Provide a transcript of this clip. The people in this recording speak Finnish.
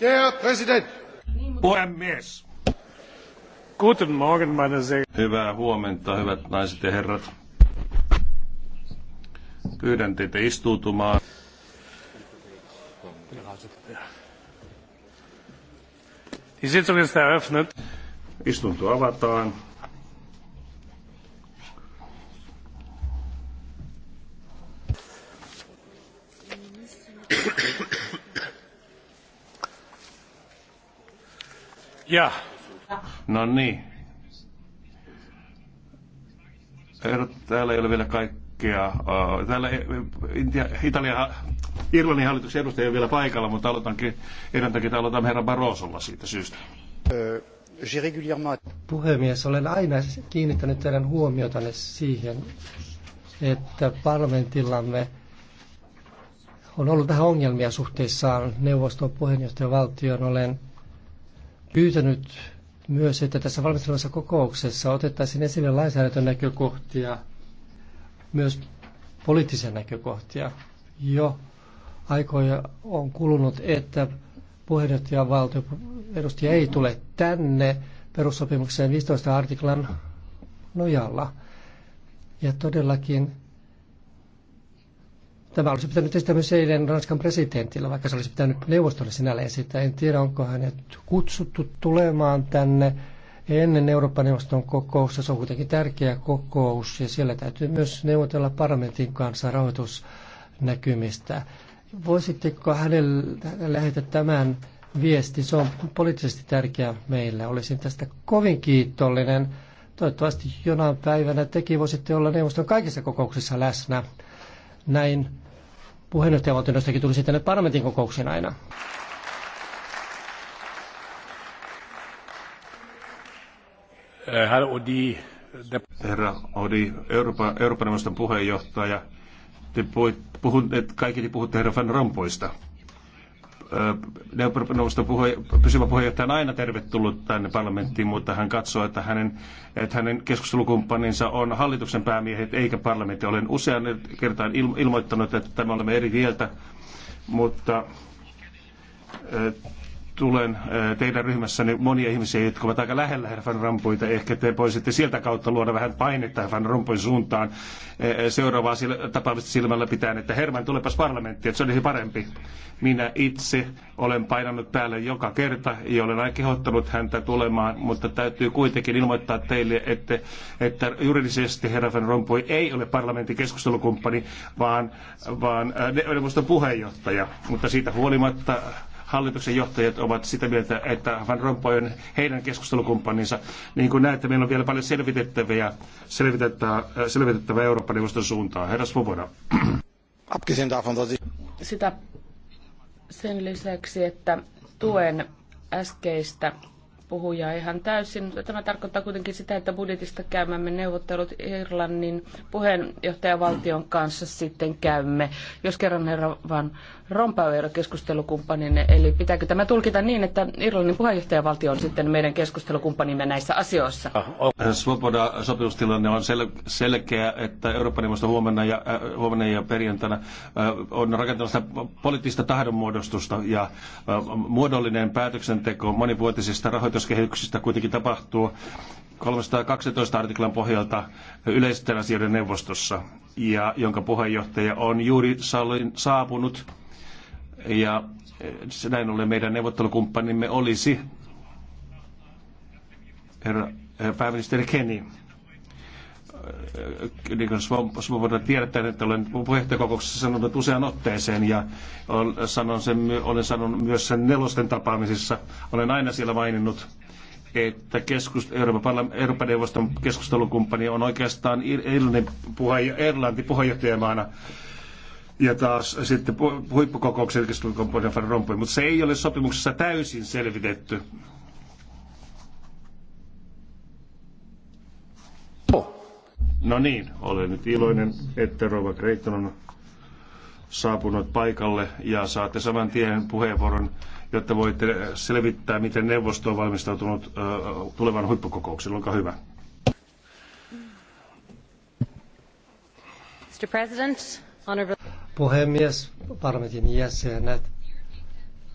Der Präsident. Puhemies. Hyvää huomenta, hyvät naiset ja herrat. Pyydän teitä istuutumaan. Die Sitzung ist eröffnet. Istunto avataan. Ja. No niin. Täällä ei ole vielä kaikkea. Äh, täällä Intia, Italia, Irlannin hallituksen edustaja ei ole vielä paikalla, mutta aloitankin, erään takia aloitan herra Barrosolla siitä syystä. Äh, Puhemies, olen aina kiinnittänyt teidän huomiotanne siihen, että parlamentillamme on ollut vähän ongelmia suhteessaan neuvoston puheenjohtajavaltioon. Olen pyytänyt myös, että tässä valmistelussa kokouksessa otettaisiin esille lainsäädäntön näkökohtia, myös poliittisia näkökohtia. Jo aikoja on kulunut, että puheenjohtaja valtio edustaja ei tule tänne perussopimuksen 15 artiklan nojalla. Ja todellakin Tämä olisi pitänyt esittää myös eilen Ranskan presidentillä, vaikka se olisi pitänyt neuvostolle sinällä esittää. En tiedä, onko hänet kutsuttu tulemaan tänne ennen Euroopan neuvoston kokousta. Se on kuitenkin tärkeä kokous ja siellä täytyy myös neuvotella parlamentin kanssa rahoitusnäkymistä. Voisitteko hänelle lähetä tämän viesti? Se on poliittisesti tärkeä meille. Olisin tästä kovin kiitollinen. Toivottavasti jonain päivänä tekin voisitte olla neuvoston kaikissa kokouksissa läsnä. Näin puheenjohtajavaltioidostakin tulisi tänne parlamentin kokouksiin aina. Herra Odi, Herra Odi Euroopan, Euroopan neuvoston puheenjohtaja, te puhutte, kaikki te puhutte herra Van Rompuista neuvoston pysyvä puheenjohtaja on aina tervetullut tänne parlamenttiin, mutta hän katsoo, että hänen, että hänen keskustelukumppaninsa on hallituksen päämiehet eikä parlamentti. Olen usean kertaan ilmoittanut, että tämä olemme eri mieltä, mutta tulen teidän ryhmässänne monia ihmisiä, jotka ovat aika lähellä herra Van Rompuyta. Ehkä te voisitte sieltä kautta luoda vähän painetta Van Rompuyn suuntaan seuraavaa tapaamista silmällä pitäen, että Herman tulepas parlamenttiin, että se olisi parempi. Minä itse olen painanut päälle joka kerta ja olen aina kehottanut häntä tulemaan, mutta täytyy kuitenkin ilmoittaa teille, että, että juridisesti herra Van Rompuy ei ole parlamentin keskustelukumppani, vaan, vaan neuvoston puheenjohtaja. Mutta siitä huolimatta hallituksen johtajat ovat sitä mieltä, että Van Rompuy on heidän keskustelukumppaninsa. Niin kuin näette, meillä on vielä paljon selvitettäviä, selvitettävää, selvitettävää Euroopan neuvoston suuntaan. Herra Svoboda. Sitä sen lisäksi, että tuen äskeistä puhuja ihan täysin. Tämä tarkoittaa kuitenkin sitä, että budjetista käymämme neuvottelut Irlannin puheenjohtajavaltion kanssa sitten käymme, jos kerran herra Van Rompuy ei ole keskustelukumppaninne. Eli pitääkö tämä tulkita niin, että Irlannin puheenjohtajavaltio on sitten meidän keskustelukumppanimme näissä asioissa? Ah, oh. äh, Svoboda sopimustilanne on sel- selkeä, että Euroopan neuvosto huomenna ja, äh, huomenna ja perjantaina äh, on rakentamassa poliittista tahdonmuodostusta ja äh, muodollinen päätöksenteko monivuotisista rahoitus muutoskehityksestä kuitenkin tapahtuu 312 artiklan pohjalta yleisten asioiden neuvostossa, ja jonka puheenjohtaja on juuri saapunut. Ja eh, näin ollen meidän neuvottelukumppanimme olisi herra, eh, pääministeri Kenny niin kuin Svoboda tiedätte, että olen puheenjohtajakokouksessa sanonut usean otteeseen ja sanon sen, olen sanonut myös sen nelosten tapaamisissa. Olen aina siellä maininnut, että keskust, Euroopan, Euroopan neuvoston keskustelukumppani on oikeastaan Irlannin puheenjohtaja, Irlanti puheenjohtajamaana ja taas sitten huippukokouksen keskustelukumppani Van Rompuy, mutta se ei ole sopimuksessa täysin selvitetty. No niin, olen nyt iloinen, että Rova Kreiton on saapunut paikalle ja saatte saman tien puheenvuoron, jotta voitte selvittää, miten neuvosto on valmistautunut tulevan huippukokoukseen. Olkaa hyvä. Mr. President, honorable... Puhemies, parlamentin jäsenet,